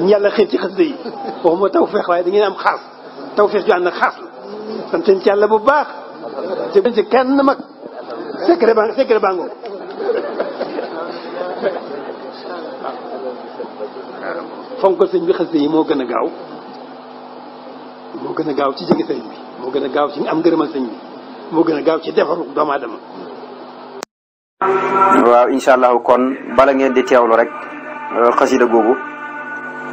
dañu yàlla xiir ci xasida yi waxuma tawfeex waaye da ngeen am xaas tawfeex ju ànd ak xaas la sant ci yàlla bu baax jëgn ci kenn baa secret baa sëñ bi xasida yi moo gën a gaaw moo gën a gaaw ci jege sëñ bi moo gën a gaaw ci am ngërëmal sëñ bi moo gën a gaaw ci defaru doomu aadama waaw incha allahu kon bala ngeen di teewlu rek euh, xasida googu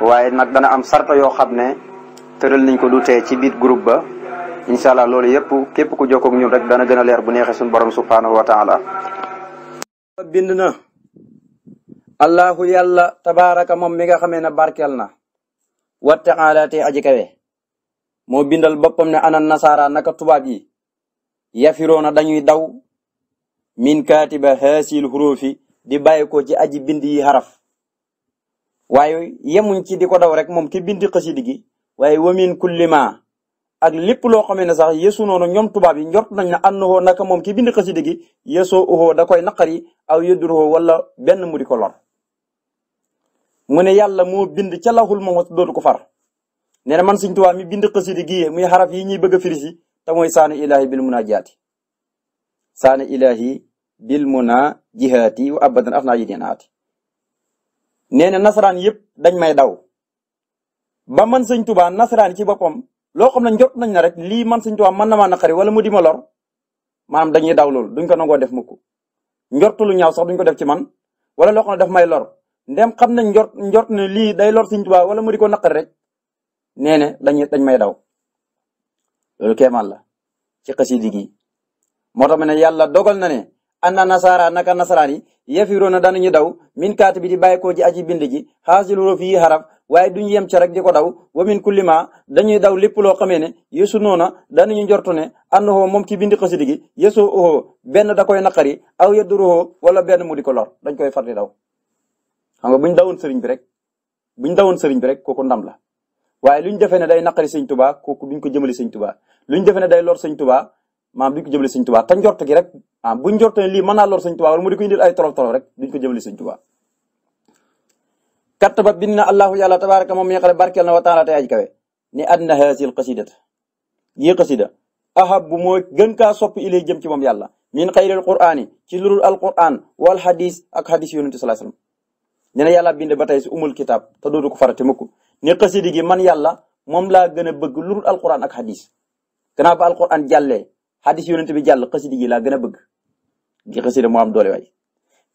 waaye nag dana am sarta yoo xam ne tëral nañ ko du te ci biir group ba incha allah loolu yëpp képp ku jokkoog ñun rek dana gën a leer bu neexee suñu borom subhaanahu wa taala bind na allahu yàlla tabaaraka moom mi nga xamee ne barkeel na wa taala te kawe moo bindal boppam ne ana nasaara naka tubaab yi yafiroona dañuy daw min kaatiba haasil xuruufi di bàyyi ko ci aji bind yi xaraf waaye yemuñ ci di ko daw rek moom ki bindi xasida gi waaye wamin kullima ak lépp loo xamee ne sax yesu noonu ñoom tubaab yi njort nañ ne àndoo naka moom ki bind xasida gi yesoo uxoo da koy naqari aw yëdduruxoo wala benn mu di lor. mu ne yàlla moo bind ca lawhul mahfuus dootu ko far nee na man Sëñ Tuubaa mi bind xasida gi muy xaraf yi ñuy bëgg a firi si te mooy saani ilaahi bil munaajaati saani ilaahi bil munaajihaati wa abadan af naa yi dinaati nee na nasaraan yëpp dañ may daw ba man sëñ Tuubaa nasaraan ci boppam loo xam ne njot nañ na rek lii man sëñ Tuubaa mën na maa naqari wala mu di ma lor maanaam dañuy daw lool duñ ko nangoo def mukk njortu lu ñaaw sax duñ ko def ci man wala loo xam ne daf may lor ndem xam nañ njort njort lii day lor sëñ Tuubaa wala mu ko naqari rek nee na dañuy dañ may daw loolu kéemaan la ci xasida gi moo tax ma ne yàlla dogal na ne anna nasaara naka nasaraan yi yafiroona danañu daw min kaati bi di bàyyikoo ci aji bind ji xaasil huruf yi xaraf waaye duñu yem ca rek di ko daw wa min kulli ma dañuy daw lépp loo xamee ne yesu noona danañu njortu ne ànd hoo moom ci bindi xasidi gi yesu hoo benn da koy aw aw yedduruhoo wala benn mu di ko lor dañ koy far daw xam nga buñ dawoon sëriñ bi rek buñ dawoon sëriñ bi rek kooku ndam la waaye luñ defee ne day naqari sëñ tubaa kooku duñ ko jëmali sëñ tubaa luñ defee ne day lor sëñ maam duñ ko jëmale sëñ Tuubaa te njort gi rek ah buñ njort ne lii mën naa lor sëñ Tuubaa wala mu di ko indil ay tolof tolof rek duñ ko jëmale sëñ Tuubaa kattaba bind na allahu yàlla tabaaraka moom mi nga xam ne barkeel na wa taala tey aj kawe ni adna haasil xasidata yi xasida ahab bu moo gën kaa sopp ilay jëm ci moom yàlla min xayril quraani ci lurul alquran wal hadis ak hadis yonente sallallahu alayhi wasallam nee na yàlla bind ba tey si umul kitaab te dootu ko farate mukk ni xasidi gi man yàlla moom laa gën a bëgg lurul alquran ak hadis gannaaw ba alquran xadis yonent bi jàll xasida yi a bëgg gi xasida moo am doole waay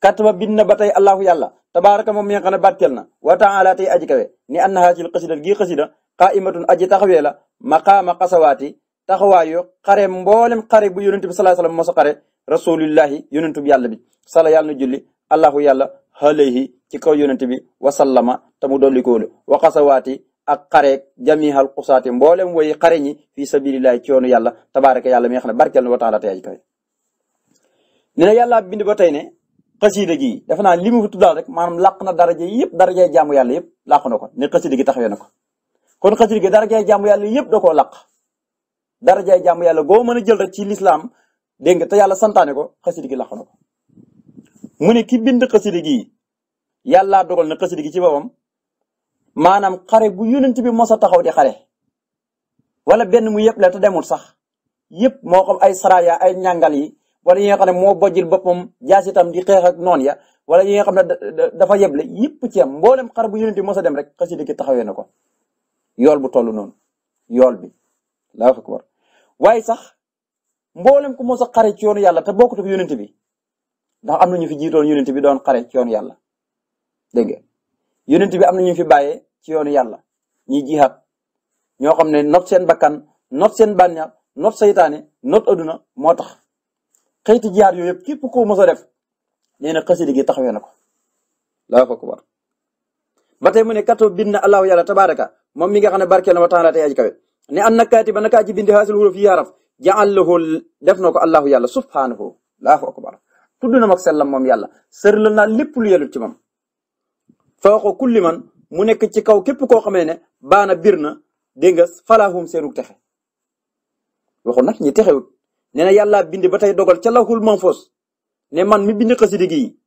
kataba bind na ba tey allahu yàlla tabaaraka moom mi nga xam ne bàtteel na wa taala tey aji kawe ni anna haajil xasida gi xasida qaimatun aji taxawee la maqaama xasawaati taxawaayu xare mboolem xare bu yonent bi sallallahu alayhi wasallam mosa xare rasulillahi yonent bi yàlla bi sala yàlla na julli allahu yàlla alayhi ci kaw yonent bi wasallama te mu dolli ko wa xasawaati ak xareek jamihal xusaate mboolem woy xare ñi fii sabilillahi coonu yàlla tabaaraka yàlla mi nga xam ne barkeel na wa taala tey aj kawe nee na yàlla bind ba tey ne xasida gi dafa naa li mu tuddaal rek maanaam làq na daraja yëpp daraja jaamu yàlla yëpp làq na ko ne xasida gi taxawee na ko kon xasida gi daraja jaamu yàlla yëpp da koo làq daraja jaamu yàlla goo a jël rek ci lislaam dégg nga te yàlla santaane ko xasida gi làq na ko mu ne ki bind xasida gi yàlla dogal na ci boppam maanaam xare bu yonent bi mos a taxaw di xare wala benn mu yëpp la demul sax yëpp moo xam ay saraya ay ñàngal yi wala yi nga xam ne bojjil boppam jaas itam di xeex ak noon ya wala yi nga xam ne dafa yeble yëpp ci am mboolem xare bu yonent bi mos a dem rek xasida gi taxawee na ko yool bu toll noonu yool bi laa fa ko sax mboolem ku mos a xare ci yoonu yàlla te bokkut ak yonent bi ndax am na ñu fi jiitoon yonent bi doon xare ci yoonu yàlla dégg yonent bi am na ñu fi bàyyee ci yoonu yàlla ñiy jihaat ñoo xam ne not seen bakkan not seen bànneex not seytaane not aduna moo tax xëyti jihaat yooyu yëpp képp koo mos a def nee na xasida gi taxawee na ko laa fa ko war ba tey mu ne katoo bind na allahu yàlla tabaaraka moom mi nga xam ne barke na wa taala tey aji kawe ne an na kaati ba naka ji bindi fi xuruf yi haraf def na ko allahu yàlla subhaanahu laa fa akbar tudd na mag sellam moom yàlla sërlal naa lépp lu yelut ci moom fawqa kulli man mu nekk ci kaw képp koo xamee ne baana bir na dégg nga falaahum seenug texe waxu nag ñi texewut nee na yàllaa bind ba tey dogal ca lawhul manfoos ne man mi bind xasida gi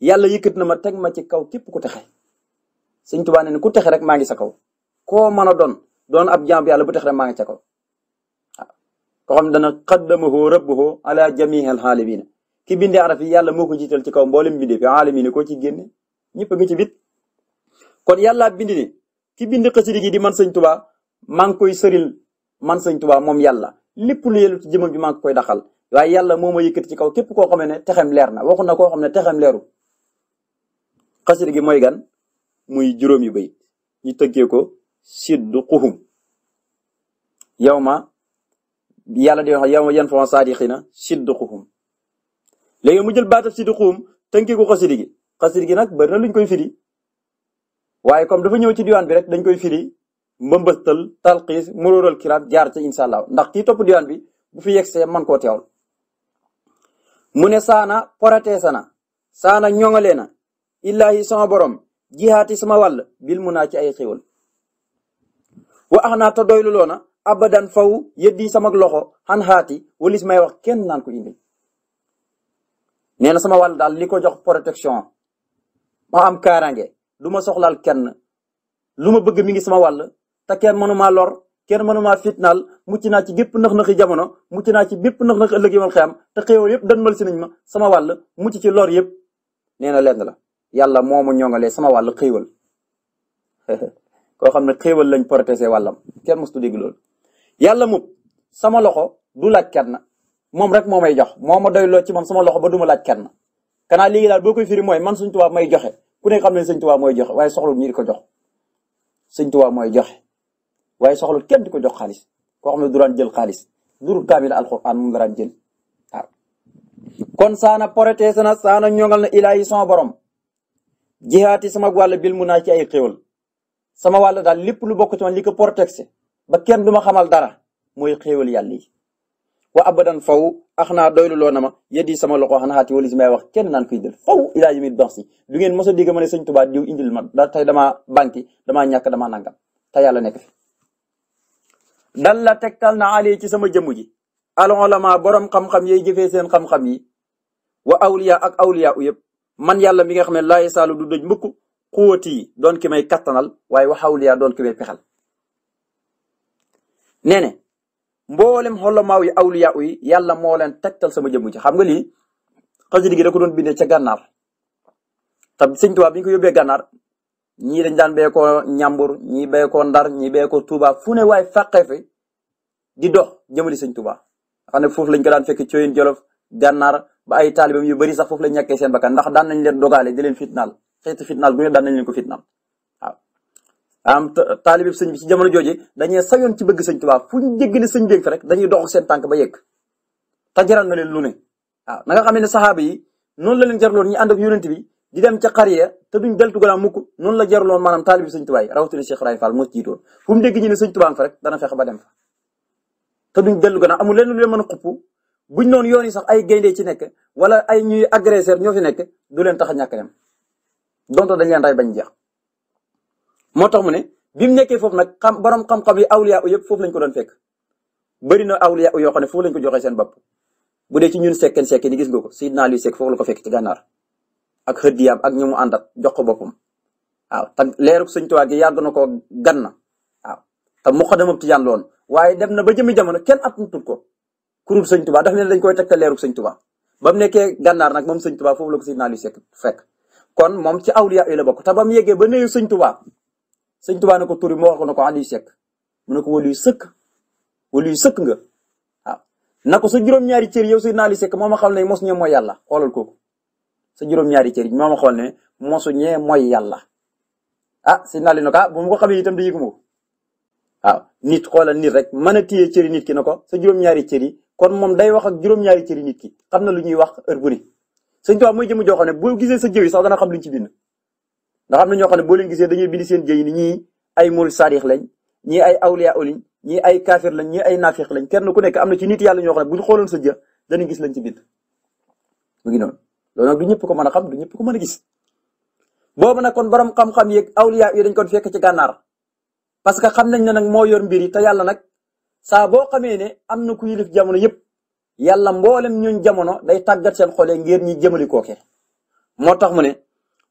yàlla yëkkat na ma teg ma ci kaw képp ku texe sëñ Tuubaa ne ku texe rek maa ngi sa kaw koo mën a doon doon ab jaam yàlla bu texe rek maa ngi sa kaw waaw koo xam ne dana qaddamahu rabbuhu ala jamiihil aalamiina ki bindee araf yi yàlla moo ko jiital ci kaw mboolem bindee fi aalamiina koo ci génne ñëpp a ci bit kon yàlla bind ne ki bind xasida gi di man sëñ tubaa maa ngi koy sëril man sëñ tubaa moom yàlla lépp lu yelu ci bi maa ngi koy daxal waaye yàlla moo ma yëkkati ci kaw képp koo xam ne texem leer na waxu na koo xam ne texem leeru xasida gi mooy gan muy juróom yu bay ñi tëggee ko siddu xuhum yow ma yàlla di wax yow ma yan fa saadixina siddu xuhum léegi mu jël baatab siddu xuhum tënkee ko xasida gi xasida gi nag bari na luñ koy firi waaye comme dafa ñëw ci diwaan bi rek dañ koy firi mbëmbëstal talxiis muróoral kiraam jaar ci incha ndax kii topp diwaan bi bu fi yegsee man koo teewal mu ne saana poratesa na saana ñoŋalee na illaahi sama borom jihaati sama wàll bil mu naa ci ay xéwal wa ax naa te doylu loona abadan faw yëddi sama loxo xan xaati walis may wax kenn naan ko indi nee na sama wàll daal li ko jox protection ma am kaaraange du ma soxlaal kenn lu ma bëgg mi ngi sama wàll te kenn mënumaa lor kenn mënumaa fitnaal mucc naa ci gépp nax-naxi jamono mucc naa ci bépp nax-naxi ëllëg yi ma xam te xéewal yëpp dënmal si nañ ma sama wàll mucc ci lor yëpp nee na lenn la yàlla moo ma ñoŋalee sama wàll xéewal koo xam ne xéewal lañ portege wallam kenn mësutu dégg loolu yàlla moom sama loxo du laaj kenn moom rek moo may jox moo ma doy loo ci moom sama loxo ba du ma laaj kenn kanaa léegi daal boo koy firi mooy man suñ tubaab may joxe ku ne xam ne sëñ Tuubaa mooy joxe waaye soxlul ñi di ko jox sëñ Tuubaa mooy joxe waaye soxlul kenn di ko jox xaalis koo xam ne du daan jël xaalis durul kaamil alxuraan moom la daan jël waaw kon saana porete sana saana ñongal na ilaahi sama borom jihaati sama wàll bil mu naa ci ay xéwal sama wàll daal lépp lu bokk ci man li ko protégé ba kenn du ma xamal dara mooy xéwal yàlla yi wa abadan faw ax naa doylu loo na ma yeddi sama loxo xanaa ci wala si may wax kenn naan koy jël faw ilaa yi muy dox si du ngeen mos a dégg ma ne sëñ Tuubaa diw indil ma da tey damaa banki damaa ñàkk damaa nangam te yàlla nekk fi dal la tegtal na ci sama jëmm ji al ulama borom xam-xam yay jëfee seen xam-xam yi wa awliya ak awliya u yëpp man yàlla mi nga xam ne laa yasaalu du dëj mukk xuwati yi doon ki may kattanal waaye wa awliya doon ki may pexal mboolem xolomaaw yi awliya yi yàlla moo leen tegtal sama jëmm ci xam nga lii xasida ko doon bindee ca gànnaar te sëñ Tuubaa bi ñu ko yóbbee gànnaar ñii dañ daan bee ko ñambur ñii bee ko ndar ñii bee ko Tuubaa fu ne waaye fàqee fi di dox jëmali sëñ Tuubaa xam ne foofu ko daan fekk Cooyin Jolof gànnaar ba ay taalibam yu bari sax foofu lañ ñàkkee seen bakkan ndax daan nañ leen dogaale di leen fitnaal xeeti fitnaal bu ne daan nañ leen ko fitnaal am taalibe sëñ bi ci jamono jooje dañee sayoon ci bëgg sëñ Tuubaa fu ñu jéggale sëñ beeg fi rek dañuy dox seen tànk ba yegg te jaral na leen lu ne waaw nanga nga xam ne saxaaba yi noonu la leen jaraloon ñu ànd ak yonent bi di dem ca xariya te duñ deltu gannaaw mukk noonu la jaraloon maanaam taalibe sëñ Tuubaa yi rawatina Cheikh Ibrahima Fall moo jiitoon fu mu dégg ñu ne sëñ Tuubaa fa rek dana fexe ba dem fa te duñ dellu gannaaw amu leen lu leen mën a xupp buñ noonu yoon yi sax ay gaynde ci nekk wala ay ñuy agresseur ñoo fi nekk du leen tax a ñàkk dem donte dañ leen ray bañ jeex moo tax mu ne bi mu nekkee foofu nag xam borom xam yi awliya u yëpp foofu lañ ko doon fekk bëri na awliya u yoo xam ne foofu lañ ko joxee seen bopp bu dee ci ñun sekken sekk ni gis nga ko Seydina Aliou Seck foofu la ko fekk ci gànnaar ak xëddiyaam ak jox ko boppam waaw te leeruk sëñ gi yàgg na ko gan na waaw te muqaddamam tijaan loon waaye dem na ba jëmi jamono kenn atutut ko kurub sëñ Tuubaa daf ne koy teg te leeruk sëñ ba mu nekkee gànnaar nag moom sëñ Tuubaa foofu la ko Seydina Aliou Seck fekk kon moom ci awliya yi la bokk te ba mu yeggee ba nuyu sëñ Tuubaa sëñ Tuubaa ne ko tur bi moo ko ne ko Aliou Seck mu ne ko waliyu sëkk waliyu sëkk nga waaw na ko sa juróom-ñaari cër yow Seydina Aliou Seck moo ma xam ne mos ñee mooy yàlla xoolal kooku sa juróom-ñaari cër moo ma xool ne mosu ñee mooy yàlla ah Seydina Aliou ne ko ah bu ma ko itam da yëgu ma ko waaw rek mën a téye cëri nit ki ne ko sa juróom-ñaari cër yi kon moom day wax ak juróom-ñaari cëri nit ki xam na lu ñuy wax heure bu ne sëñ Tuubaa mooy jëm joo xam ne bu gisee sa jëw yi sax dana xam luñ ci bind ndax am na ñoo xam ne boo leen gisee dañuy bind seen jëy ni ñii ay murid saadix lañ ñii ay awliya oliñ ñii ay kafir lañ ñii ay naafiq lañ kenn ku nekk am na ci nit yàlla ñoo xam ne bu ñu xooloon sa jë danañ gis lañ ci bind du ñëpp ko mën a xam du ñëpp ko mën a gis boobu nag kon borom xam-xam yeeg awliya yi dañ kon fekk ci gànnaar parce que xam nañ ne nag moo yor mbir yi te yàlla nag saa boo xamee ne am na ku yilif jamono yëpp yàlla mboolem ñun jamono day tàggat seen xole ngir ñi jëmali kooke moo tax mu ne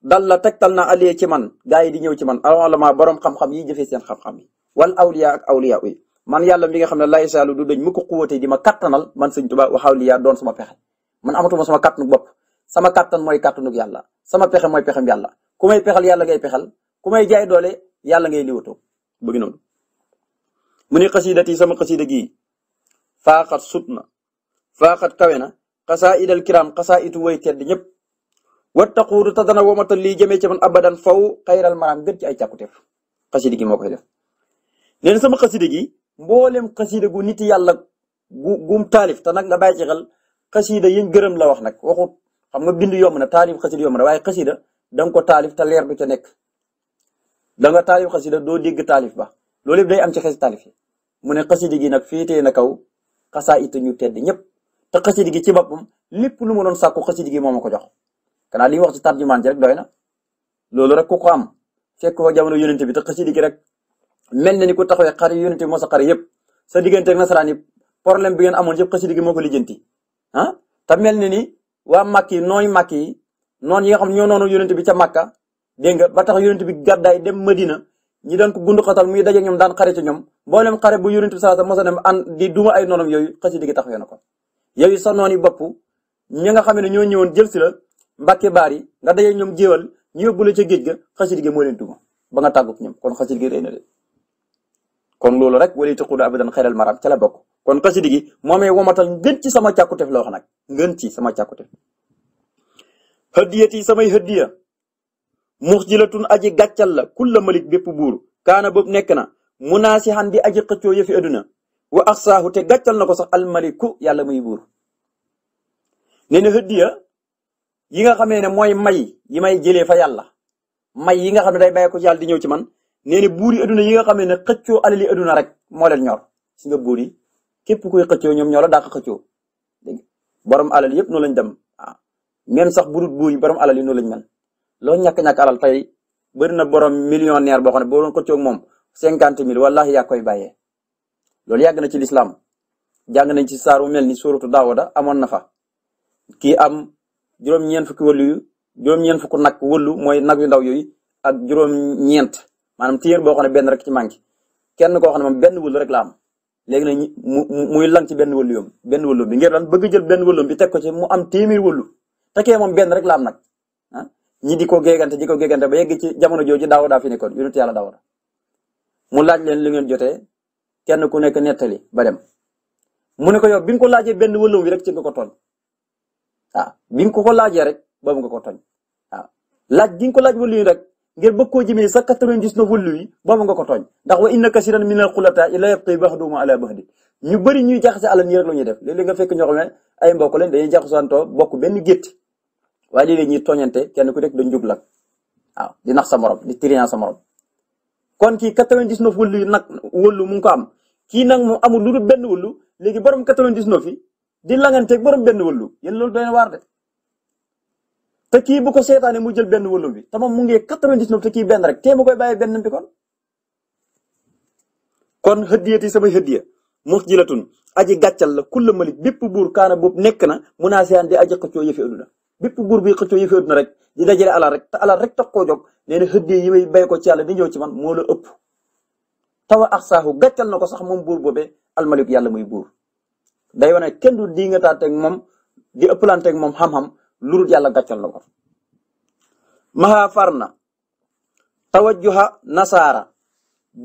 dal la tegtal na aliye ci man gaa yi di ñëw ci man alama borom xam-xam yi jëfee seen xam-xam yi wal awliya ak awliya yi man yàlla mi nga xam ne lay saalu du dañ mu ko xuwate di ma kattanal man sëñ Tuubaa wa awliya doon sama pexe man amatuma sama kàttanug bopp sama kàttan mooy kàttanug yàlla sama pexe mooy pexem yàlla ku may pexal yàlla ngay pexal ku may jaay doole yàlla ngay liwatoo bëgg noonu mu ni xasiidati sama xasiida gi faaxat sut na faaxat kawe na xasaa idal kiraam xasaa itu way tedd ñëpp wattaquudu te dana womatal lii jëmee ci man abadan faw xayral maraam gën ci ay càkkuteef xasida gi moo koy def nee na sama xasida gi mboolem xasida gu nit yàlla gu gum taalif ta nag nga bàyyi ci xel xasida yiñ gërëm la wax nag waxut xam nga bind yomb na taalif xasida yomb na waaye xasida da nga ko taalif te leer du ca nekk da nga taalif xasida doo dégg taalif ba loolu yëpp day am ci xes taalif yi mu ne xasida gi nag féetee na kaw xasaa it ñu tedd ñëpp ta xasida gi ci boppam lip lu ma doon sàkku xasida gi moo ma ko jox xanaa li mu wax ci tarjumaan ci rek doy na loolu rek ku ko am fekk ko jamono bi te xasida gi rek mel na ni ku taxawee xar yonent bi moo sa xar yëpp sa diggante ak nasaraan bi ngeen amoon yëpp xasida gi moo ko lijjanti ah na ni waa màkk yi nooy màkk yi noonu yi nga xam ñoo noonu yonent bi ca màkka dégg nga ba tax yonent bi gàddaay dem Madina ñi daan ko gund xatal muy daje ñoom daan xare ci ñoom mboolem xare bu yonent bi salaata mosa dem an di duma ay noonam yooyu xasida gi taxawee na ko yooyu sa noonu bopp ñi nga xam ne ñoo ñëwoon jël si la mbàkke baar yi nga daje ñoom jéewal ñu yóbbu la ca géej ga xasida gi moo leen duma ba nga tàggu ñoom kon xasida gi rëy na de kon loolu rek wali taqudu abadan xeeral maram ca la bokk kon xasida moo moomee womatal ngën ci sama càkkutef la wax nag ngën ci sama càkkutef hëddiyati samay hëddiya muxjilatun aji gàccal la kulla malik bépp buur kaana boobu nekk na munaasihan di aji xëccoo yëfi adduna wa axsaahu te gàccal na ko sax almaliku yàlla muy buur yi nga xamee ne mooy may yi may jëlee fa yàlla may yi nga xam ne day bàyyi ko ci yàlla di ñëw ci man nee na buur yi aduna yi nga xamee ne xëccoo alali aduna rek moo leen ñor si nga buur yi képp kuy xëccoo ñoom ñoo la dàq xëccoo borom alal yëpp noonu lañ dem ah même sax bu dul buur yi borom alal yi noonu lañ mel loo ñàkk-ñàkk alal tey bëri na borom millionnaire boo xam ne boo doon xëccoo ak moom cinquante mille wallahi yaa koy bàyyee loolu yàgg na ci lislaam jàng nañ ci saaru wu mel ni suuratu Daawuda amoon na fa juróom-ñeent fukki wëllu yu juróom-ñeent fukk nag wëllu mooy nag yu ndaw yooyu ak juróom-ñeent maanaam téer boo xam ne benn rek ci manqué kenn koo xam ne moom benn wëllu rek la am léegi nag mu muy lan ci benn wëllu yoom benn wëllu bi ngir lan bëgg jël benn wëllu bi teg ko ci mu am téeméer wëllu te kee moom benn rek laam nag ah ñi di gegante di ko géegante ba yegg ci jamono jooju daaw daa fi nekkoon yonent yàlla daaw mu laaj leen li ngeen jotee kenn ku nekk nettali ba dem mu ne ko yow bi nga ko laajee benn wëllu bi rek ci nga ko toll waaw bi nga ko ko laajee rek boobu nga ko tooñ waaw laaj gi nga ko laaj wëllu yi rek ngir bëgg koo jëmee sa 99 wëllu yi boobu nga ko tooñ ndax wa inna kasiran minal xulataa la yabxi baxduhum ala baxdi ñu bari ñuy jaxase alal ñi rek la ñuy def léeg nga fekk ñoo xam ne ay mbokk lañ dañuy jaxasantoo bokk benn gétt waaye léeg-léeg ñuy tooñante kenn ku nekk dañ jublu waaw di nax sa morom di trian sa kon kii 99 wëllu yi nag wëllu mu ngi ko am kii nag mu amul lu benn wëllu léegi borom 99 di langanteeg borom benn wëllu yéen loolu doy waar de te kii bu ko seetaane mu jël benn wëllu bi te moom mu ngi 99 te kii benn rek te mu koy bàyyi benn bi kon. kon xëddiyati sama xëddiya musjilatun aji gàccal la kulla malik bépp buur kaana boobu nekk na mun naa seyaan di aji xëccoo yëfi aduna bépp buur bi xëccoo yëfi aduna rek di dajale alal rek te alal rek tax koo jóg nee na may bay ci yàlla di ñëw ci man moo la ëpp. tawa axsaahu gàccal na ko sax moom buur boobee yàlla muy buur day wane kenn du di nga taat moom di ëppalante ak moom xam-xam lu dul yàlla gàccal la ko. maha farna tawajjuha nasaara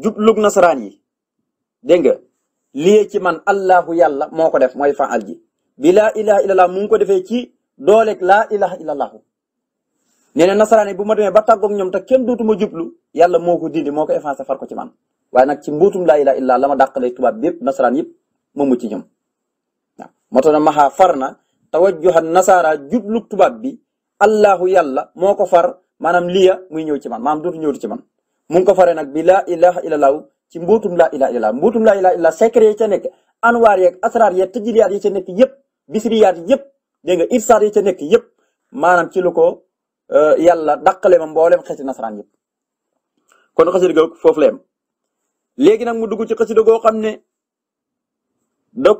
jublug nasaraan yi dégg nga lii ci man allahu yàlla moo ko def mooy faal ji bi laa ilaha illallah mu ngi ko defee ci doole laa ilaha illallah nee na nasaraan yi bu ma demee ba tàggoog ñoom te kenn dootuma jublu yàlla moo ko dindi moo ko effacé far ko ci man waaye nag ci mbuutum laa ilaha illallah la ma dàqalee tubaab bi nasaraan yëpp moomu ci ñoom. moo tax na maxaa far na tawajjuhan nasaara jublu tubaab bi allahu yàlla moo ko far maanaam liya muy ñëw ci man maanaam dootu ñëwtu ci man mu ko faree nag bi laa ilaha illallah ci mbootum laa ilaha illallah mbootum laa ilaha illallah secret yi ca nekk anwaar yeeg asraar yeeg tëjiliyaat yi ca nekk yëpp bisriyaat yëpp dégg nga irsaar yi ca nekk yëpp maanaam ci lu ko euh, yàlla dàqale ma mboolem xeeti nasaraan yëpp kon xasida googu foofu la yem léegi mu dugg ci xasida goo xam ne da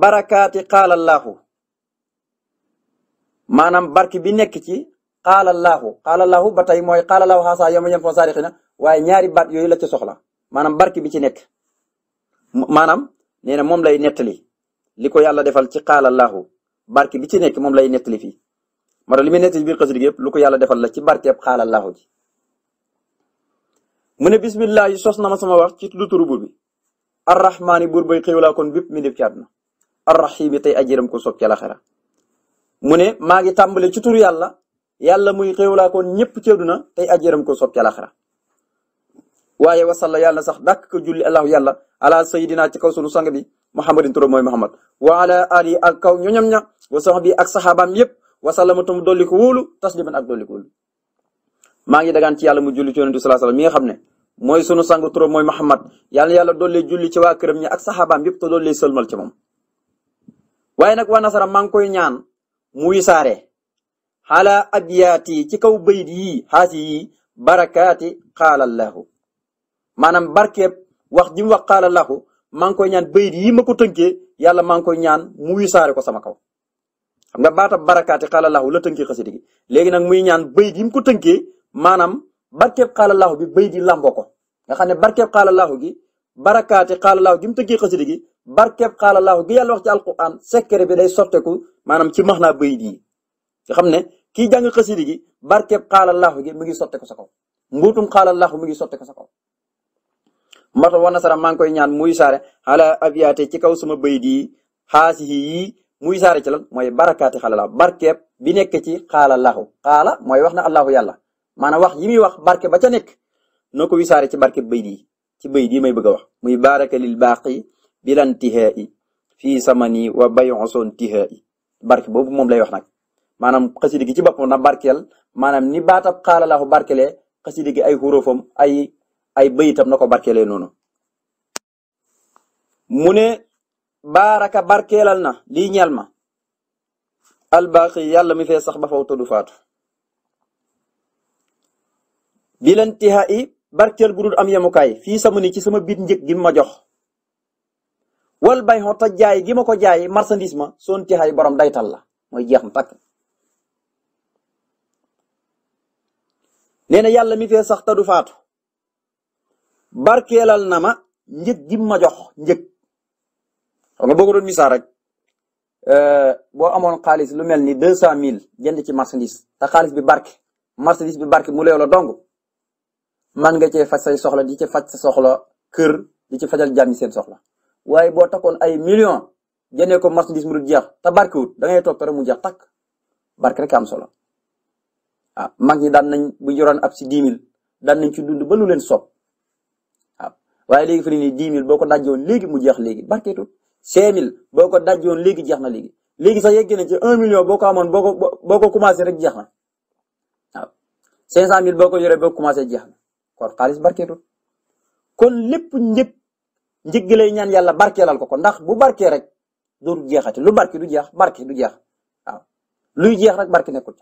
barakaati xaalallaahu maanaam barke bi nekk ci xaalallaahu xaalallaahu ba tey mooy xaalallaahu xaasaa yoma yem foo na waaye ñaari baat yooyu la ci soxla maanaam barke bi ci nekk maanaam nee na moom lay nettali li ko yàlla defal ci xaalallaahu barke bi ci nekk moom lay nettali fii ma li muy nettali biir xasida lu ko yàlla defal la ci barkeeb xaalallaahu ji mu ne bismillah yi sos na ma sama wax ci lu turu buur bi arrahmaani buur bay xéewlaa kon bépp mi def ci àdduna arrahimi tey ajiram ku soog ci alaxira mu ne maa ngi tàmbale ci tur yàlla yàlla muy xéewlaa koon ñëpp ci àdduna tey ajiram ku soog ci alaxira waaye wasalla yàlla sax dàkk julli allahu yàlla ala sayidina ci kaw sunu sang bi muhammadin turam mooy muhammad wa ala ali ak kaw ñoñam ña wa sahbi ak saxaabaam yëpp wasallama tam dolli ko wóolu tasliman ak dolli ko wóolu maa ngi dagaan ci yàlla mu julli ci yonent bi sallallahu alayhi wasallam mi nga xam ne mooy sunu sang turam mooy Muhammad yàlla yàlla dolli julli ci waa këram ñi ak saxaabaam yëpp te dolli sëlmal ci moom waaye nag waa nasara maa ngi koy ñaan mu saare xaala abyaati ci kaw bayit yi xaasi yii barakaati xaala lahu barkeeb wax ji mu wax xaala lahu maa ngi koy ñaan bayit yii ma ko tënkee yàlla maa ngi koy ñaan mu wisaare ko sama kaw xam nga baata barakaati xaala lahu la tënkee xasida gi léegi nag muy ñaan bayit yi mu ko tënkee maanaam barkeeb xaala lahu bi bayit yi làmboo ko nga xam ne barkeeb xaala lahu gi barakaati xaala lahu gi mu tënkee xasida gi barkeeb xaalalaahu gi yàlla wax ci alquran secret bi day sotteeku maanaam ci max naa bayit yi nga xam ne kii jàng xasidi gi barkeeb xaalalaahu gi mi ngi sotteeku sa kaw mbuutum xaalalaahu mi ngi sotteeku sa kaw mbato wa nasara maa ngi koy ñaan muy saare ala abiyaate ci kaw sama bayit yi xaasi yi muy saare ci lan mooy barakaati xaalalaahu barkeeb bi nekk ci xaalalaahu xaala mooy wax na allahu yàlla maanaam wax yi muy wax barke ba ca nekk noo ko wisaare ci barke bayit yi ci bayit yi may bëgg wax muy baraka lil baaqi bila intihaa'i fii samani wa bayon tixe tihaa'i barke boobu moom lay wax nag maanaam xasida ci boppam na barkel maanaam ni baatab xaala laahu barkelee xasida gi ay xurufam ay ay bayitam na ko barkelee noonu mu ne baaraka na lii ñeel ma albaqi yàlla mi fee sax ba fa faw tëddu faatu bilantiha i barkeel gudul am yemukaay fii sama ni ci sama biit njëg gi ma jox wal bay xon te jaay gi ma ko jaay marchandise ma son tixaay borom daytal la mooy jeex mu takk nee na yàlla mi fee sax te du faatu barkeelal na ma njëg gi ma jox njëg xam nga boo ko doon misaal rek euh, boo amoon xaalis lu mel ni deux cent mille jënd ci marchandise te xaalis bi barke marchandise bi barke mu leew la dong man nga cee faj say soxla di ci faj sa soxla kër di ci fajal jàmm seen soxla waaye boo takkoon ay millions jëndee ko marchandise mu jeex te barkewut da ngay toog rek mu jeex takk barke rek am solo ah mag ñi daan nañ bu yoroon ab si 10 000 daan nañ ci dund ba lu leen sopp waaw ah, waaye léegi fi ni 10 000 boo ko dajjoon léegi mu jeex léegi barkeetut 5000 boo ko dajjoon léegi jeex na léegi léegi sax yegg na ci million boo ko amoon boo ko boo commencé rek jeex na a waaw 500000 boo ko yoree boo ko commencé jeex na kon xaalis barkeetut kon lépp ñëpp njëgg lay ñaan yàlla barkeelal ko ko ndax bu barkee rek dootul jeexati lu barke du jeex barke du jeex waaw luy jeex rek barke nekkul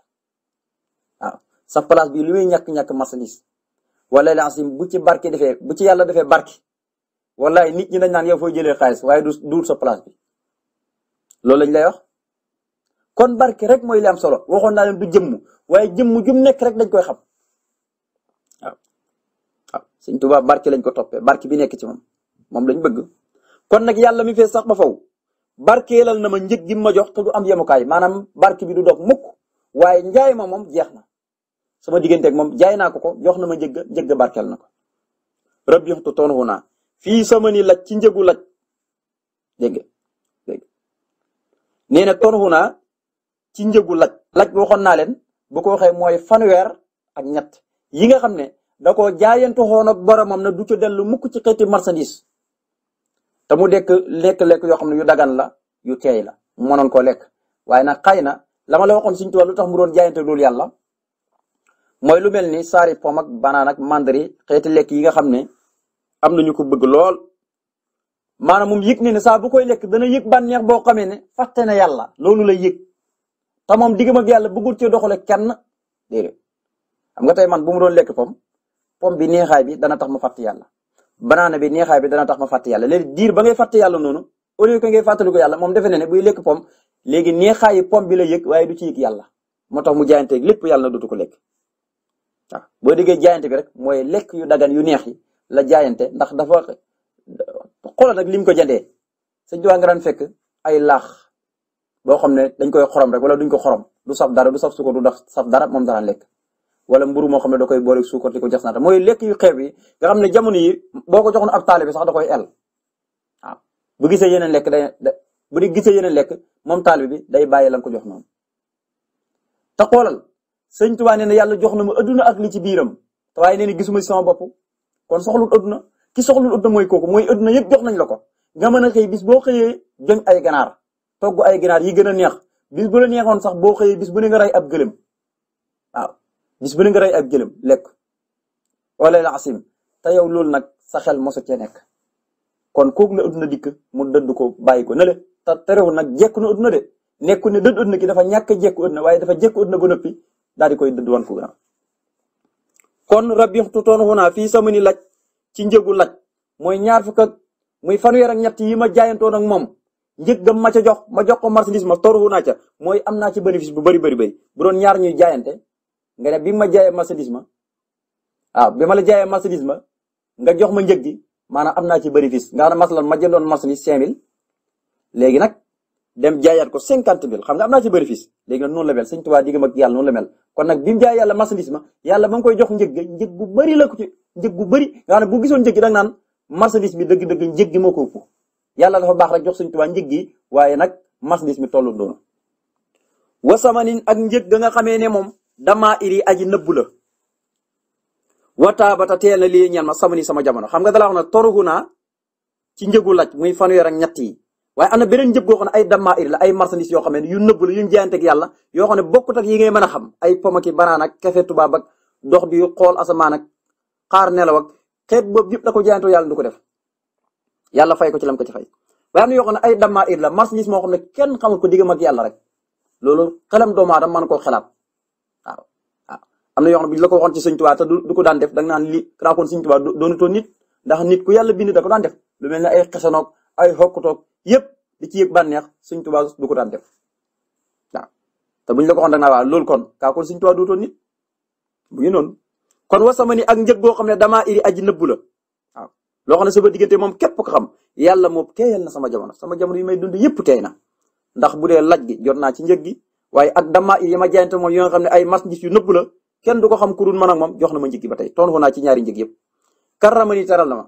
waaw sa place bi lu muy ñàkk ñàkk marchandise wala lancim bu ci barke defee bu ci yàlla defee barke wallaay nit ñi dañ ñaan yow fooy jëlee xaalis waaye du duul sa place bi loolu lañ lay wax kon barke rek mooy li am solo waxoon naa leen du jëmm waaye jëmm jum nekk rek dañ koy xam waaw waaw Sëñ Tuubaa barke lañ ko toppee barke bi nekk ci moom moom lañ bëgg kon nag yàlla mi fee sax ba faw barkeelal na ma njëg gi ma jox te du am yemukaay maanaam barke bi du dog mukk waaye njaay ma moom jeex na sama digganteek moom jaay naa ko ko jox na ma njëgg njëgg barkeel na ko rabbi naa fii sama ni laj ci njëgu laj dégg dégg nee na naa ci njëgu laj laj waxoon naa leen bu ko waxee mooy fanweer ak ñett yi nga xam ne da koo jaayantu xoon ak boromam na du ci dellu mukk ci xeeti marchandise te mu dekk lekk-lekk yoo xam ne yu dagan la yu teey la mënoon koo lekk waaye na xay na la la waxoon Sëriñ Tuubaa lu tax mu doon jaayante loolu yàlla mooy lu mel ni saari pom ak banaan ak mandari xeeti lekk yi nga xam ne am nañu ko bëgg lool maanaam moom yëg ne ne saa bu koy lekk dana yëg bànneex boo xamee ne fàtte na yàlla loolu la yëg te moom diggam ak yàlla bëggul ci doxale kenn déedéet xam nga tey man bu mu doon lekk pom pom bi neexaay bi dana tax mu fàtte yàlla banaana bi neexaay bi dana tax ma fàtte yàlla léegi diir ba ngay fàtte yàlla noonu au lieu que ngay fàttali ko yàlla moom defe na ne buy lekk pom léegi neexaayi pom bi la yëg waaye du ci yëg yàlla moo mu jaayanteeg lépp yàlla dootu ko lekk boo déggee jaayante bi rek mooy lekk yu dagan yu neex yi la jaayante ndax dafa xoolal nag lim ko jëndee sëñ bi nga daan fekk ay laax boo xam ne dañ koy xorom rek wala duñ ko xorom du saf dara du saf suukar du saf dara moom dara lekk wala mburu moo xam ne da koy boole suukar di ko jas mooy lekk yu xeeb yi nga xam ne jamono yi boo ko jox joxoon ab taalibe sax da koy el bu gisee yeneen lekk day bu di gisee yeneen lekk moom taalibe bi day bàyyi lan ko jox noonu te xoolal sëñ Tuubaa nee na yàlla jox na ma adduna ak li ci biiram te waaye nee gisuma si sama bopp kon soxlul adduna ki soxlul adduna mooy kooku mooy adduna yëpp jox nañ la ko nga mën a xëy bis boo xëyee joñ ay ganaar togg ay ganaar yi gën neex bis bu la neexoon sax boo xëyee bis bu ne nga rey ab gëlëm bis bu ne nga rey ak gëlëm lekk wala la asim te yow loolu nag sa xel mosu cee nekk kon kooku la adduna dikk mu dëdd ko bàyyi ko ne le te terewul nag jekku na adduna de nekku ne dëdd adduna ki dafa ñàkk jekku adduna waaye dafa jekku adduna ba noppi daal di koy dëdd wan ko gannaaw kon rabbi tutoon xunaa fii sama ni laaj ci njëgu laaj mooy ñaar fukk ak muy fanweer ak ñett yi ma jaayantoon ak moom njëg ga ma ca jox ma jox ko marchandise ma toru naa ca mooy am naa ci bénéfice bu bari bari bari bu doon ñaar ñuy jaayante nga ne bi ma jaayee marchandise ma waaw bi ma la jaayee marchandise ma nga jox ma njëg gi maanaam am naa ci bénéfice nga ne masalan ma jëndoon marchandise 5000 léegi nag dem jaayaat ko 50000 xam nga am naa ci bénéfice léegi nag noonu la mel sëñ Tuubaa digam ak yàlla noonu la mel kon nag bi mu jaayee yàlla marchandise ma yàlla ma ngi koy jox njëg ga njëg bu bëri la ko ci njëg bu bëri nga ne bu gisoon njëg gi da nga naan marchandise bi dëgg-dëgg njëg gi moo ko ëpp yàlla dafa baax rek jox sëñ Tuubaa njëg gi waaye nag marchandise mi tollu doon wa samanin ak njëg ga nga xamee ne moom damaa iri aji nëbbu la wataa ba teel na lii ñaan ma sama ni sama jamono xam nga dalaa wax ne naa ci njëgu laaj muy fanweer ak ñett yi waaye am na beneen njëg goo ne ay damaa la ay marchandise yoo xam ne yu nëbbu la yu ñu yàlla yoo xam ne bokkut ak yi ngay mën a xam ay pomaki banaan ak kafe tubaab ak dox bi xool asamaan ak xaar nelaw ak xeet boobu yëpp da ko jaayantoo yàlla du ko def yàlla fay ko ci lam ko ci fay waaye am na ay dama iri la marchandise moo xam ne kenn xamul ko diggam ak yàlla rek loolu xelam doomu aadama mën koo xelaat waaw waaw am na yoo xam ne bu ñu la ko waxoon ci sëñ Tuubaa te ko daan def da nga naan li raakoon sëñ Tuubaa doonutoon nit ndax nit ku yàlla bind da ko daan def lu mel ne ay xesanoog ay xokkutoog yëpp di ci yëg bànneex sëñ Tuubaa du ko daan def te bu ñu la ko waxoon da kon kaakoon sëñ Tuubaa doonutoon nit mu ngi noonu kon wasama ni ak njëg goo xam ne damaa iri aji nëbbu la waaw loo xam ne sama diggante moom képp ko xam yàlla moom teeyal na sama jamono sama jamono yi may dund yëpp teey na ndax bu dee laaj gi jot naa ci njëg gi waaye ak dama yi ma jaayante moom yi xam ne ay masjid yu nëbb la kenn du ko xam ku dul man ak moom jox na ma njëgi ba tey toon naa ci ñaari njëg yëpp karramani teral na ma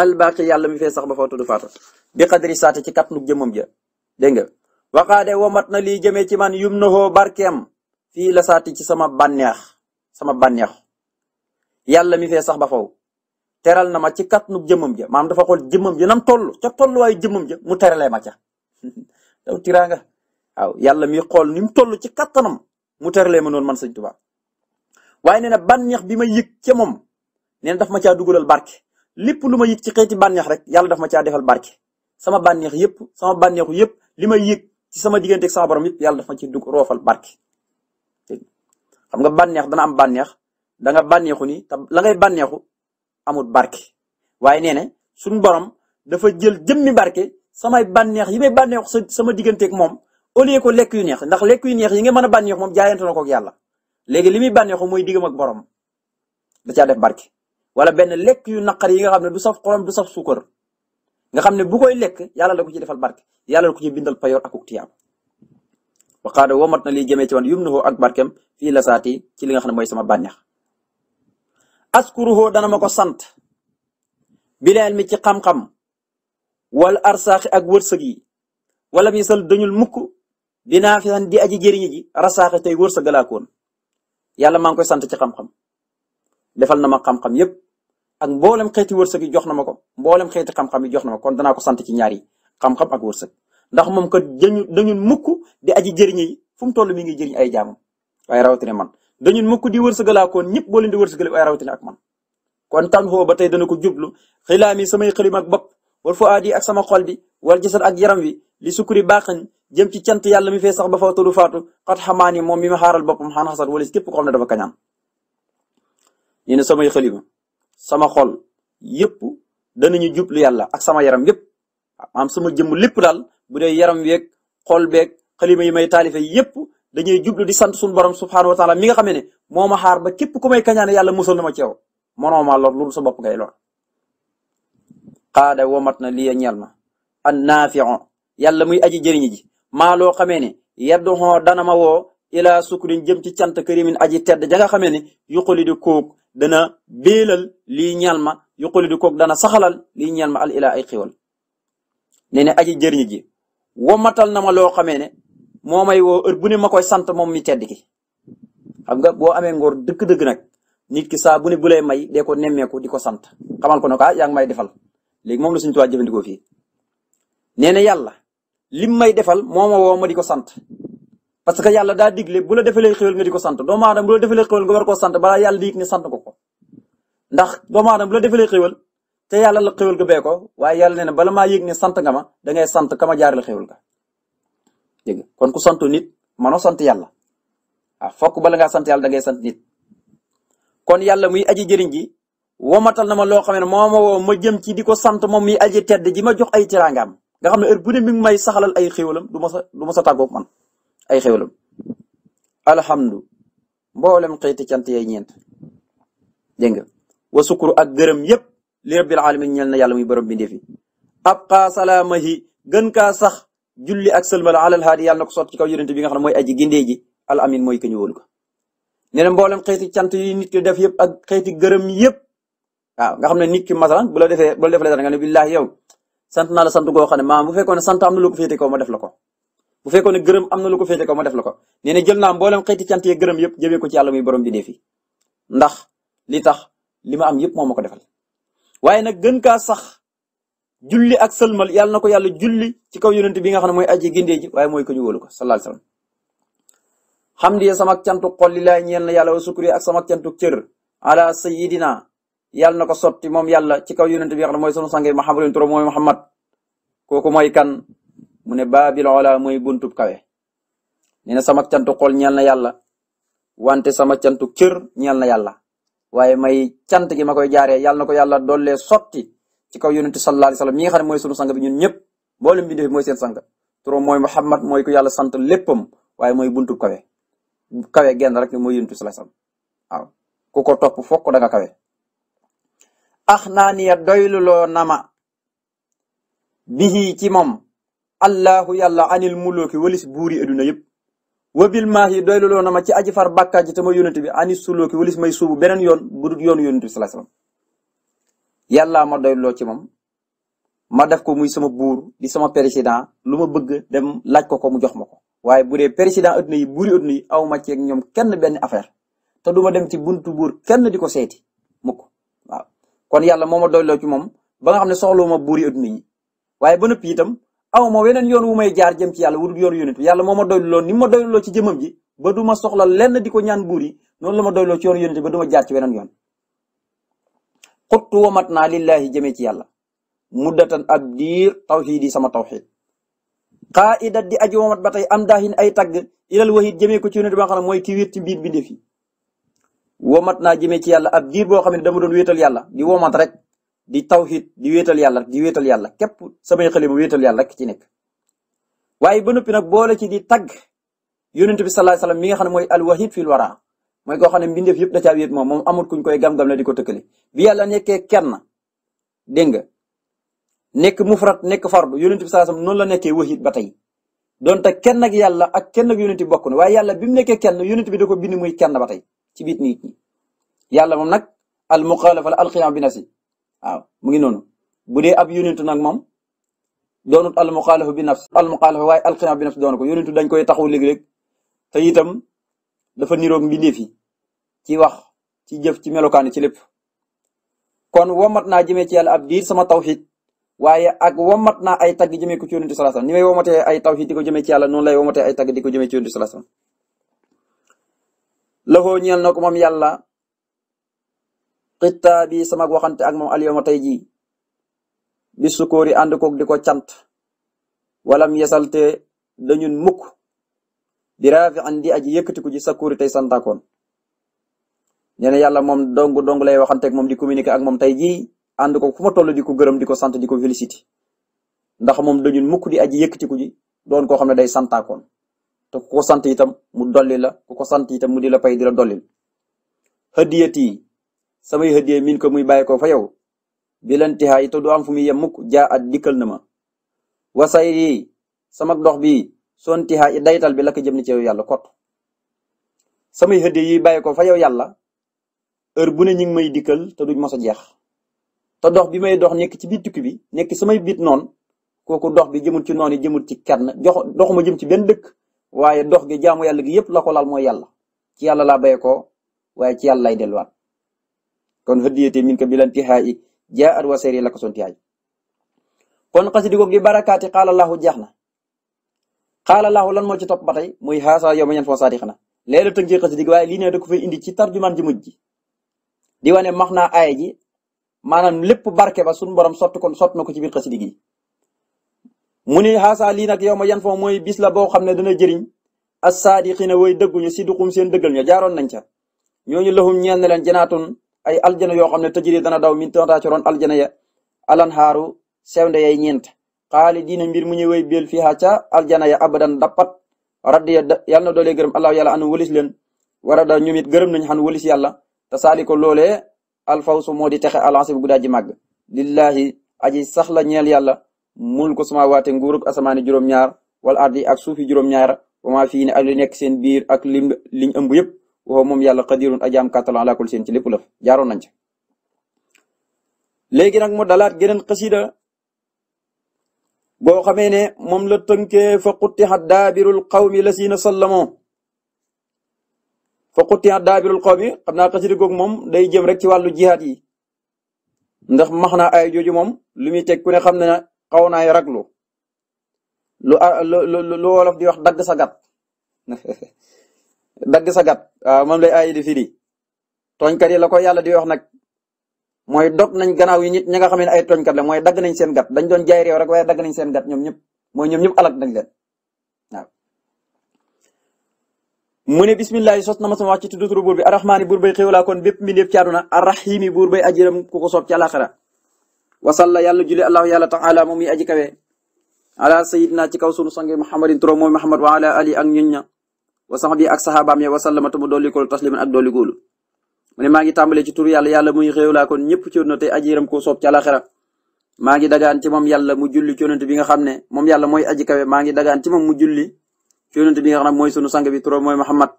albaqi yàlla mi fee sax ba fawtudu faata bi ci kat nug ja dégg nga waxaade womat na lii jëmee ci man yum naxoo barkeem fii la saati ci sama bànneex sama bànneex yàlla mi fee sax ba faw teral na ma ci kat nug jëmam ja maam dafa xool jëmam ja nam toll ca tolluwaayu jëmam ja mu terale ma ca daw waaw yàlla mi xool ni mu toll ci kattanam mu terlee ma noon man sëñ Tuubaa waaye nee na bànneex bi ma yëg ca moom nee na ma caa dugalal barke lépp lu ma yëg ci xeeti bànneex rek yàlla dafa ma caa defal barke sama bànneex yëpp sama bànneexu yëpp li ma yëg ci sama digganteeg sama borom yëpp yàlla daf ma roofal barke xam nga bànneex dana am bànneex da nga bànneexu ni te la ngay bànneexu amul barke waaye nee na suñu borom dafa jël jëmmi barke samay bànneex yi may bànneexu sama digganteek moom au lieu que lekk yu neex ndax lekk yu neex yi nga man a bànneex moom jaayante na ko yàlla léegi li muy bànneexu mooy diggam ak borom da caa def barke. wala benn lekk yu naqar yi nga xam ne du saf xorom du saf suukar nga xam ne bu koy lekk yàlla la ku ci defal barke yàlla la ko ci bindal payoor ak ti tiyaab waxaada womat na liy jëmee ci wan yumnuhu ak barkeem fii la saati ci li nga xam ne mooy sama bànneex askuruhu dana ma ko sant bileel mi ci xam wala arsaaxi ak wërsëg yi wala misal dañul mukk dinaa fi di aji jëriñu ji rasaata tey wër sa galaakoon yàlla maa ngi koy sant ci xam defal na ma xam-xam ak mboolem xeeti wërsëg yi jox na ma ko mboolem xeeti xam-xam yi jox na kon danaa ko sant ci ñaar yi xam-xam ak ndax moom kat dañu dañu mukk di aji jëriñu yi fu mu toll mi ngi jëriñ ay jaamam waaye rawatina man dañu mukk di wërsëgalaakoon ñëpp boo leen di wërsëgale waaye rawatina ak man kon tànn foofu ba tey dana ko jublu xilaami samay xëlim ak bopp wal fu aadi ak sama xol bi wal jasad ak yaram wi li sukuri baaxañ jëm ci cant yàlla mi fee sax ba faw tudd faatu xat xamaani moom mi ma xaaral boppam xaan xasat wala képp koo xam ne dafa kañaan ñu ne samay xalima sama xol yëpp danañu jublu yàlla ak sama yaram yëpp maanaam sama jëmm lépp daal bu dee yaram weeg xol beeg xalima yi may taalife yëpp dañuy jublu di sant suñu borom subxanahu wa taala mi nga xam ne moo ma xaar ba képp ku may kañaan yàlla musal na ma ceew mënoo maa lor loolu sa bopp ngay lor. xaada womat na lii ñeel ma yàlla muy aji jëriñ ji. ma loo xamee ne yedd xoo dana ma woo ilaa sukkurin jëm ci cant kërimin aji tedd ja nga xamee ne yuqali di koog dana beelal lii ñeel ma yuqali dana saxalal lii ñeel ma al ilaa ay xiwal nee ne aji jëriñ ji womatal na ma loo xamee ne moo may woo heure bu ne ma koy sant moom mi tedd ki xam nga boo amee ngor dëkk dëgg nag nit ki saa bu ne bu lay may dee ko nemmeeku di ko sant xamal ko ne ko ah, yaa ngi may defal léegi moom la suñu tuwaa jëfandikoo fii nee na yàlla lim may defal moo ma woo ma di ko sant parce que yàlla daa digle bu la defalee xéwal nga di ko sant doomu aadama bu la defalee xéwal nga war koo sant balaa yàlla di yëg ne sant ko ko ndax doomu aadama bu la defalee xéwal te yàlla la xéwal ga bee ko waaye yàlla nee na bala maa ne sant nga ma da sant kama ma jaarale xéwal ga dégg kon ku santu nit mënoo sant yàlla ah fokk bala ngaa sant yàlla da ngay sant nit kon yàlla muy aji jëriñ ji womatal na ma loo xam ne moo ma woo ma jëm ci di ko sant moom muy aji tedd ji ma jox ay tiraangaam nga xam ne heure bu ne mi ngi may saxalal ay xéwalam du ma sa du ma sa tàggoog man ay xéwalam alhamdu mboolem xeeti cant yay ñeent dégg nga wa sukuru ak gërëm yëpp li rabbil alamin ñeel na yàlla muy borom bindee fi ab xaa salaamahi gën kaa sax julli ak sëlmal alal haadi yàlla na ko sot ci kaw yonent bi nga xam ne mooy aji gindee ji al amin mooy ko ñu wóolu ko nee mboolem xeeti cant yi nit ki def yëpp ak xeeti gërëm yëpp waaw nga xam ne nit ki masalan bu la defee bu la defee dara nga ne billahi yow sant naa la sant goo xam ne bu fekkoon ne am na lu ko féete kaw ma def la ko bu fekkoon ne gërëm am na lu ko féete kaw def la ko nee na jël naa mboolem xeeti cant yeeg gërëm yëpp ko ci yàlla muy borom bi ndax li tax li ma am yëpp moo ma ko defal waaye nag gën kaa sax julli ak sëlmal yàlla na ko yàlla julli ci kaw yonent bi nga xam ne mooy aji gindee ji waaye mooy ko ñu wóolu ko sallallahu alayhi wasallam xam di sama cantu xol li laay ñeel na yàlla wa sukri ak sama cantu cër sayidina yàlla na ko sotti moom yàlla ci kaw yonent bi nga xam ne mooy sunu sang yi Muhammadun turam mooy Muhammad kooku moy kan mu ne baabil ola mooy buntub kawe nee na sama cantu xol ñeel na yàlla wante sama cantu cër ñeel na yàlla waaye may cant gi ma koy jaaree yàlla na ko yàlla dollee sotti ci kaw yonent sallallahu alayhi mi nga xam ne mooy sunu sang bi ñun ñëpp mboolem bi def seen sang turam mooy Muhammad mooy ku yàlla sant léppam waaye mooy buntub kawe kawe genn rek mooy yonent sallallahu alayhi wasallam ku ko topp fok da nga kawe ax naa niya doyluloo nama bihi ci moom allahu yàlla anil muluki walis buuri adduna yëpp wabil maa yi na ma ci aji far bàkkaar ji te mooy yónent bi anil suluki walis may suubu beneen yoon budut yoonu yónent bi sallallahu alayhi wasallam ma doyluloo ci moom ma def ko muy sama buur di sama président lu ma bëgg dem laaj ko ko mu jox ma ko waaye bu dee président adduna yi buuri adduna yi aw ma ceeg ñoom kenn benn affaire te duma dem ci buntu buur kenn di ko seeti kon yàlla moom ma doyloo ci moom ba nga xam ne soxloo ma buuri adduna yi waaye ba noppi itam aw ma weneen yoon wu may jaar jëm ci yàlla wudul yoonu yonent yàlla moo a doyloo ni ma doyloo ci jëmam ji ba du ma soxla lenn di ko ñaan buur yi noonu la ma doyloo ci yoonu yonent ba du ma jaar ci weneen yoon xuttu wamat naa lillahi jëmee ci yàlla muddatan ab diir tawxiid yi sama tawxiid xaa idat di aji wamat ba tey am daahin ay tagg ilal wahid jëmee ko ci yonent ba nga xam ne mooy ki wér ci biir bi ndefi womat naa jëmee ci yàlla ab diir boo xam ne dama doon wéetal yàlla di womat rek di tawhid di wéetal yàlla di wéetal yàlla képp samay xale mu wéetal yàlla rek ci nekk. waaye ba noppi nag boole ci di tagg yonent bi sallallahu alayhi mi nga xam ne mooy alwahid fil wara mooy koo xam ne mbindeef yëpp da caa wéet moom moom amut kuñ koy gam-gam la di ko tëkkale bi yàlla nekkee kenn dégg nga nekk mufrat nekk fardu yonent bi sallallahu alayhi wasallam noonu la nekkee wahid ba tey donte kenn yàlla ak kenn bokk na waaye yàlla bi mu nekkee kenn bi da ko bind muy kenn ba tey ci bit nit ñi yàlla moom nag al muxaalafa la alxiyaam bi nafsi waaw mu ngi noonu bu dee ab yonentu nag moom doonut al muxaalafa bi nafsi al muxaalafa waaye alxiyaam bi nafsi doonu ko yonentu dañ koy taxaw léeg-léeg te itam dafa niroog mbindeef yi ci wax ci jëf ci melokaani ci lépp kon womat naa jëmee ci yàlla ab diir sama tawxiid waaye ak womat naa ay tagg jëmee ko ci yonentu sallallahu ni may womatee ay tawxiid di ko jëmee ci yàlla noonu lay womatee ay tagg di ko ci yonentu laxoo ñeel na ko moom yàlla xittaa bi sama waxante ak moom alyoma tey jii bi sukóori ànd koog di ko cant walam yesalte dañun mukk di raafi an di aji yëkkatiku ji sakkuuri tey santaakoon nee na yàlla moom dong dong lay waxante ak moom di communiquer ak moom tey jii ànd ko fu ma toll di ko gërëm di ko sant di ko félicité ndax moom dañun mukk di aji yëkkatiku ji doon koo xam ne day santaakoon te ku ko sant itam mu dolli la ku ko sant itam mu di la pay di la dollil xëddiyat yi samay xëddiye min ko muy bàyyi ko fa yaw bi leen tixaayi te du am fu muy yem mukk jaa at dikkal na ma wasay yi sama dox bi soon tixaa yi daytal bi la ko jëm ni ci yow yàlla kot samay xëddiye yi bàyyi ko fa yow yàlla heure bu ne ñu ngi may dikkal te duñ mos a jeex te dox bi may dox nekk ci biir tukki bi nekk samay biit noon kooku dox bi jëmul ci noonu jëmul ci kenn jox ma jëm ci benn dëkk waaye dox gi jaamu yàlla gi yëpp la ko laal mooy yàlla ci yàlla laa béy ko waaye ci yàlla lay delluwaat kon hadiyati min ka bilan tihaayi jaa at waseeri la ko son tihaay kon xasidi googu barakaati xaala jeex na xaala lan moo ci topp ba tey muy xaasa yow ma ñan foo saadix na léegi la tënk ci xasidi waaye lii ne da ko indi ci tarjumaan ji mujj ji di wane max naa aaya ji maanaam lépp barke ba suñu borom sotti kon sotti na ko ci biir xasidi mu ni xaasaa lii nag yow ma yan foo mooy bis la boo xam ne dana jëriñ as saadiqina woy dëgguñu si duxum seen dëggal ña jaaroon nañ ca ñooñu lahum ñeel na leen janaatun ay aljana yoo xam ne tëjëri dana daw min tanta ci roon aljana ya alan xaaru sewnde yay ñeent xaali diina mbir mu ñuy wéy biel fii ca aljana ya abadan dappat radd ya yàlla na doolee gërëm allahu yàlla anu walis leen wara da ñoom it gërëm nañ xan walis yàlla te saali ko loolee alfawsu moo di texe alancib gudaa ji màgg lillahi aji sax la ñeel yàlla mulku samaawaati nguurug asamaani juróom-ñaar wala ardi ak suufi juróom-ñaar wa maa fii ne ak li nekk seen biir ak lim liñ ëmb yëpp waxoo moom yàlla xadirun ajaam kàttan ala kul seen ci lépp lëf jaaroon nañ ci. léegi nag mu dalaat geneen xasida boo xamee ne moom la tënkee fa quttiha daabirul qawmi lasiina sallamoo fa quttiha daabirul qawmi xam naa xasida googu moom day jëm rek ci wàllu jihaad yi ndax max naa ay jooju moom lu muy xam na xaw naay raglu ah, lu lu lu wolof di wax dagg sa gat dagg sa gat waaw ah, moom lay yi la ko yàlla di wax nag mooy dog nañ gannaaw yi nit ñi nga xam ne ay tooñkat la mooy dagg nañ seen gat dañ doon jaay réew rek waaye dagg nañ seen gat ñoom ñëpp mooy ñoom ñëpp a nañ leen waaw. mu ne bisimilah sos na ma sama wax ci tuddu turu buur bi arrahmaani buur bay xéwlaa kon bépp mbindeef ci àdduna arrahimi buur bay ajiram ku ko soob wasalla yàlla julli allahu yàlla taala moom mi aji kawe ala sayidna ci kaw sunu sangi muhammadin turam mooy muhammad wa ala ali ak ñun ña wa sahbi ak sahabaam ya wasallama tamu dollikoolu tasliman ak dollikoolu mu ne maa ngi tàmbalee ci tur yàlla yàlla muy xéew laa kon ñëpp ci yonante aji yëram koo maa ngi dagaan ci moom yàlla mu julli ci yonante bi nga xam ne moom yàlla mooy aji kawe maa ngi dagaan ci moom mu julli ci yonante bi nga xam ne mooy sunu sang bi turam mooy muhammad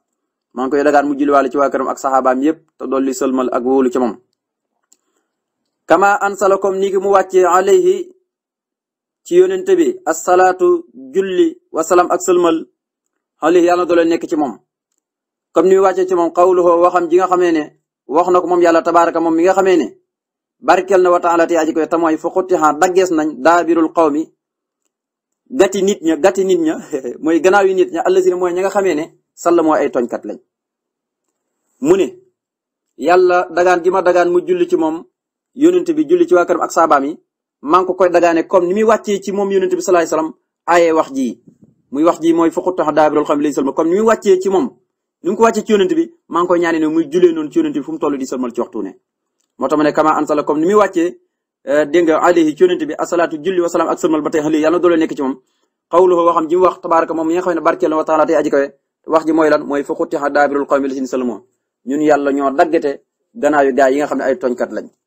maa ngi koy dagaan mu julli wàll ci waa këram ak sahabaam yëpp te dolli sëlmal ak wóolu ci kama ansala kom ni ngi mu wàcce alayhi ci yonente bi asalaatu julli wasalaam ak sëlmal alayhi yàlla na doole nekk ci moom comme ni mu ci moom xawluhoo waxam ji nga xamee ne wax na ko moom yàlla tabaaraka moom mi nga xamee ne barkeel na wa taala te aji koy te mooy fa xuttixa daggees nañ daabirul xawmi gati nit ña gati nit ña mooy gannaaw yi nit ña allasina mooy ñi nga xamee ne sàll ay tooñkat lañ mu ne yàlla dagaan gi ma mu julli ci moom yónent bi julli ci waa ak saabaam yi ko koy dagaane comme ni muy wàccee ci moom yónent bi salaay salaam aaye wax ji muy wax ji mooy tax daabirul xam lay sëlmal comme ni muy wàccee ci ko wàccee ci yónent bi maa ngi koy ñaanee ne muy julee noonu ci yónent bi fu mu toll di sëlmal ci waxtu ne moo tax ma ne kama ansala comme eh, nga alayhi ci salaam ak sëlmal ba tey xali yàlla na doole nekk ci moom lay ay tooñkat lañ